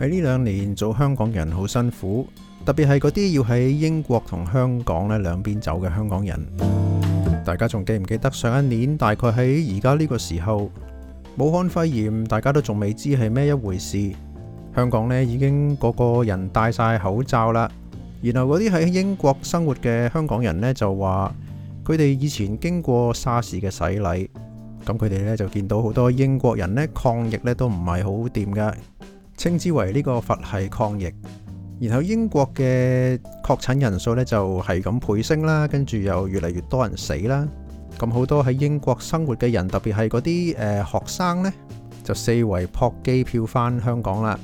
喺呢兩年做香港人好辛苦，特別係嗰啲要喺英國同香港呢兩邊走嘅香港人。大家仲記唔記得上一年大概喺而家呢個時候，武漢肺炎大家都仲未知係咩一回事？香港呢已經個個人戴晒口罩啦。然後嗰啲喺英國生活嘅香港人呢，就話，佢哋以前經過沙士嘅洗禮。咁佢哋呢，就見到好多英國人呢，抗疫呢都唔係好掂㗎。稱之為呢個佛系抗疫，然後英國嘅確診人數呢，就係咁倍升啦，跟住又越嚟越多人死啦。咁好多喺英國生活嘅人，特別係嗰啲誒學生呢，就四圍撲機票返香港啦。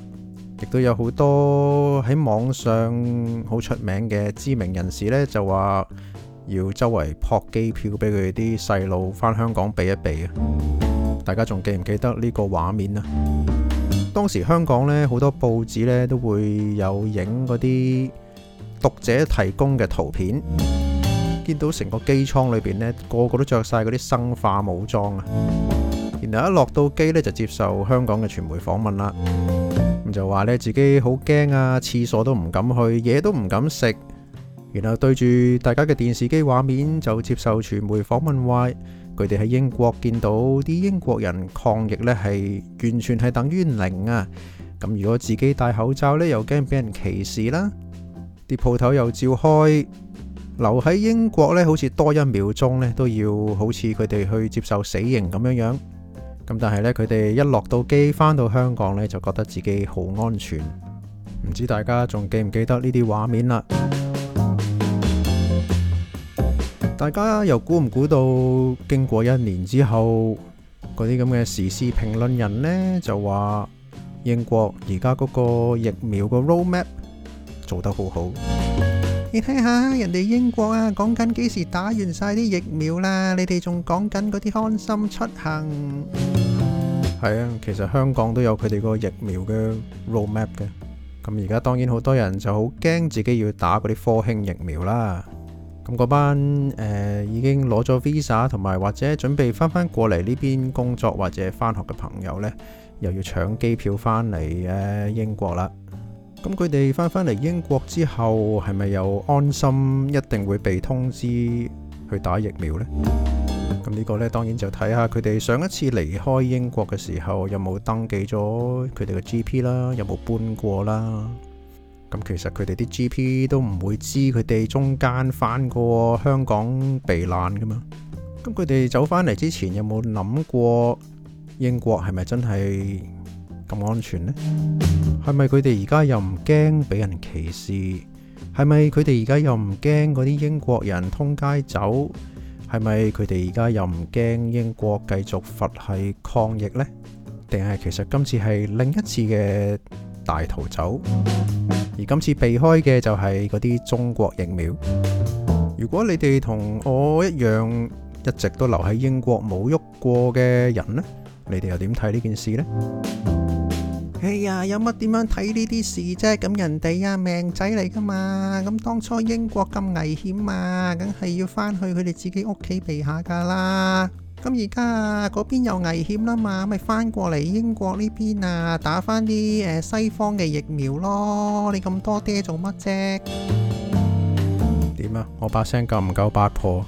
亦都有好多喺網上好出名嘅知名人士呢，就話要周圍撲機票俾佢啲細路返香港避一避。大家仲記唔記得呢個畫面啊？當時香港呢好多報紙呢都會有影嗰啲讀者提供嘅圖片，見到成個機艙裏邊呢個個都著曬嗰啲生化武裝啊，然後一落到機呢就接受香港嘅傳媒訪問啦，咁就話呢自己好驚啊，廁所都唔敢去，嘢都唔敢食，然後對住大家嘅電視機畫面就接受傳媒訪問嘅。佢哋喺英國見到啲英國人抗疫呢係完全係等於零啊！咁如果自己戴口罩呢，又驚俾人歧視啦。啲鋪頭又照開，留喺英國呢好似多一秒鐘呢都要好似佢哋去接受死刑咁樣樣。咁但係呢，佢哋一落到機返到香港呢，就覺得自己好安全。唔知道大家仲記唔記得呢啲畫面啦？大家又估唔估到？經過一年之後，嗰啲咁嘅時事評論人呢，就話英國而家嗰個疫苗個 roadmap 做得好好。你睇下人哋英國啊，講緊幾時打完晒啲疫苗啦？你哋仲講緊嗰啲安心出行。係啊，其實香港都有佢哋個疫苗嘅 roadmap 嘅。咁而家當然好多人就好驚自己要打嗰啲科興疫苗啦。咁嗰班，誒，已經攞咗 visa 同埋或者準備返返過嚟呢邊工作或者返學嘅朋友呢，又要搶機票返嚟，誒，英國啦。咁佢哋返返嚟英國之後，係咪又安心一定會被通知去打疫苗呢？咁呢個呢，當然就睇下佢哋上一次離開英國嘅時候有冇登記咗佢哋嘅 GP 啦，有冇搬過啦。咁其實佢哋啲 GP 都唔會知佢哋中間翻過香港避難噶嘛？咁佢哋走返嚟之前有冇諗過英國係咪真係咁安全呢？係咪佢哋而家又唔驚俾人歧視？係咪佢哋而家又唔驚嗰啲英國人通街走？係咪佢哋而家又唔驚英國繼續佛系抗疫呢？定係其實今次係另一次嘅大逃走？而今次避開嘅就係嗰啲中國疫苗。如果你哋同我一樣一直都留喺英國冇喐過嘅人呢，你哋又點睇呢件事呢？哎呀，有乜點樣睇呢啲事啫？咁人哋啊命仔嚟㗎嘛，咁當初英國咁危險啊，梗係要返去佢哋自己屋企避下㗎喇。咁而家啊，嗰邊又危險啦嘛，咪翻過嚟英國呢邊啊，打翻啲誒西方嘅疫苗咯。你咁多爹做乜啫？點啊？我把聲夠唔夠八婆？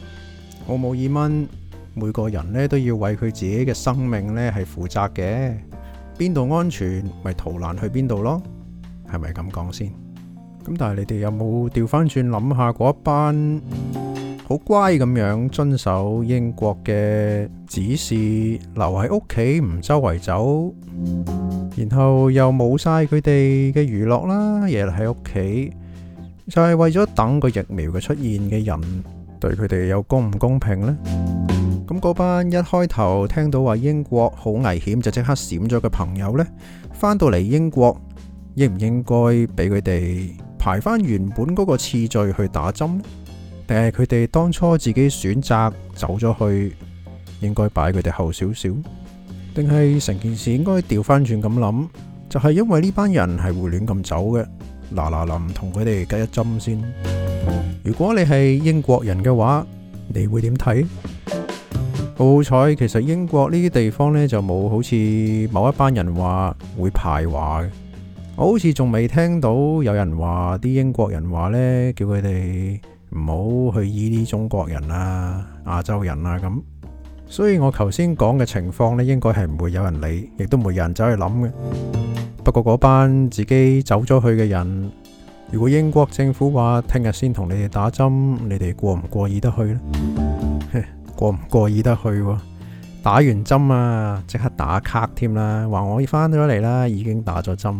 我冇耳蚊，每個人咧都要為佢自己嘅生命咧係負責嘅。邊度安全咪逃難去邊度咯？係咪咁講先？咁但係你哋有冇調翻轉諗下嗰一班？好乖咁樣遵守英國嘅指示，留喺屋企唔周圍走，然後又冇晒佢哋嘅娛樂啦，夜喺屋企就係為咗等個疫苗嘅出現嘅人對佢哋有公唔公平呢？咁嗰班一開頭聽到話英國好危險就即刻閃咗嘅朋友呢，翻到嚟英國應唔應該俾佢哋排翻原本嗰個次序去打針咧？定係佢哋當初自己選擇走咗去，應該擺佢哋後少少。定係成件事應該調翻轉咁諗，就係因為呢班人係胡亂咁走嘅，嗱嗱臨，同佢哋拮一針先。如果你係英國人嘅話，你會點睇？好好彩，其實英國呢啲地方咧就冇好似某一班人話會排華嘅。我好似仲未聽到有人話啲英國人話咧叫佢哋。唔好去依啲中國人啊、亞洲人啊咁，所以我頭先講嘅情況咧，應該係唔會有人理，亦都冇人走去諗嘅。不過嗰班自己走咗去嘅人，如果英國政府話聽日先同你哋打針，你哋過唔過意得去咧？過唔過意得去啊？打完針啊，即刻打卡添啦，話我翻咗嚟啦，已經打咗針。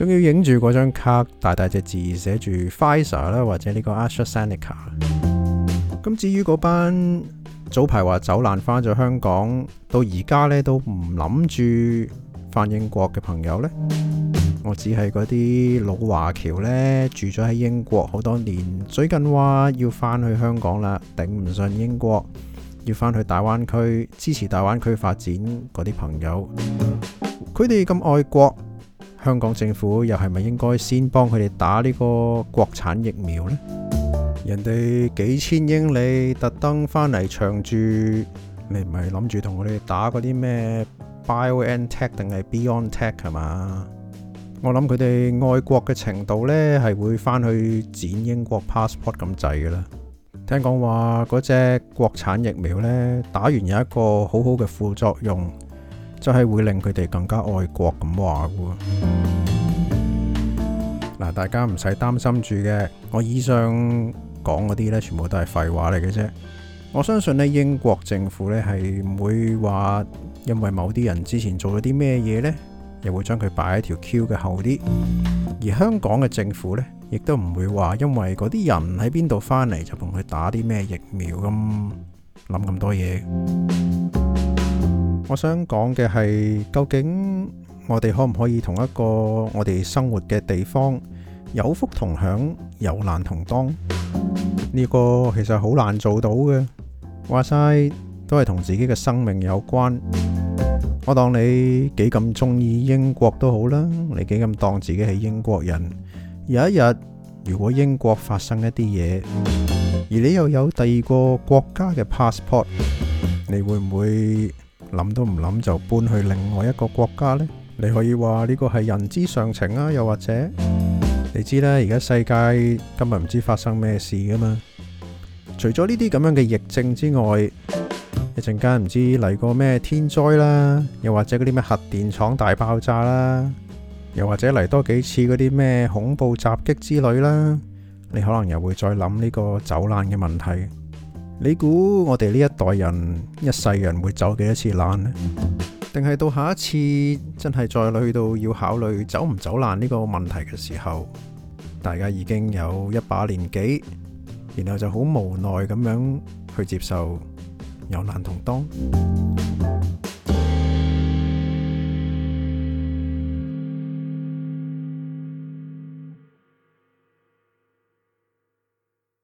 仲要影住嗰張卡，大大隻字寫住 FISA 啦，izer, 或者呢個 a s h u t s e n e c a 咁至於嗰班早排話走難翻咗香港，到而家呢都唔諗住翻英國嘅朋友呢，我只係嗰啲老華僑呢，住咗喺英國好多年，最近話要翻去香港啦，頂唔順英國，要翻去大灣區支持大灣區發展嗰啲朋友，佢哋咁愛國。香港政府又係咪應該先幫佢哋打呢個國產疫苗呢？人哋幾千英里特登返嚟唱住，你唔係諗住同我哋打嗰啲咩 BioNTech 定係 BeyondTech 係嘛？我諗佢哋愛國嘅程度呢，係會返去剪英國 passport 咁滯㗎喇。聽講話嗰隻國產疫苗呢，打完有一個好好嘅副作用。就係會令佢哋更加愛國。咁話嗱，大家唔使擔心住嘅，我以上講嗰啲呢，全部都係廢話嚟嘅啫。我相信呢，英國政府呢係唔會話，因為某啲人之前做咗啲咩嘢呢，又會將佢擺喺條 Q 嘅後啲。而香港嘅政府呢，亦都唔會話，因為嗰啲人喺邊度返嚟，就同佢打啲咩疫苗，咁諗咁多嘢。我想講嘅係，究竟我哋可唔可以同一個我哋生活嘅地方有福同享，有難同當？呢個其實好難做到嘅。話晒都係同自己嘅生命有關。我當你幾咁中意英國都好啦，你幾咁當自己係英國人。有一日如果英國發生一啲嘢，而你又有第二個國家嘅 passport，你會唔會？諗都唔諗就搬去另外一個國家呢？你可以話呢個係人之常情啊，又或者你知啦，而家世界今日唔知道唔知發生咩事噶嘛？除咗呢啲咁樣嘅疫症之外，一陣間唔知嚟過咩天災啦，又或者嗰啲咩核電廠大爆炸啦，又或者嚟多幾次嗰啲咩恐怖襲擊之類啦，你可能又會再諗呢個走難嘅問題。你估我哋呢一代人一世人會走幾多次難？定係到下一次真係再去到要考慮走唔走難呢個問題嘅時候，大家已經有一把年紀，然後就好無奈咁樣去接受有難同當。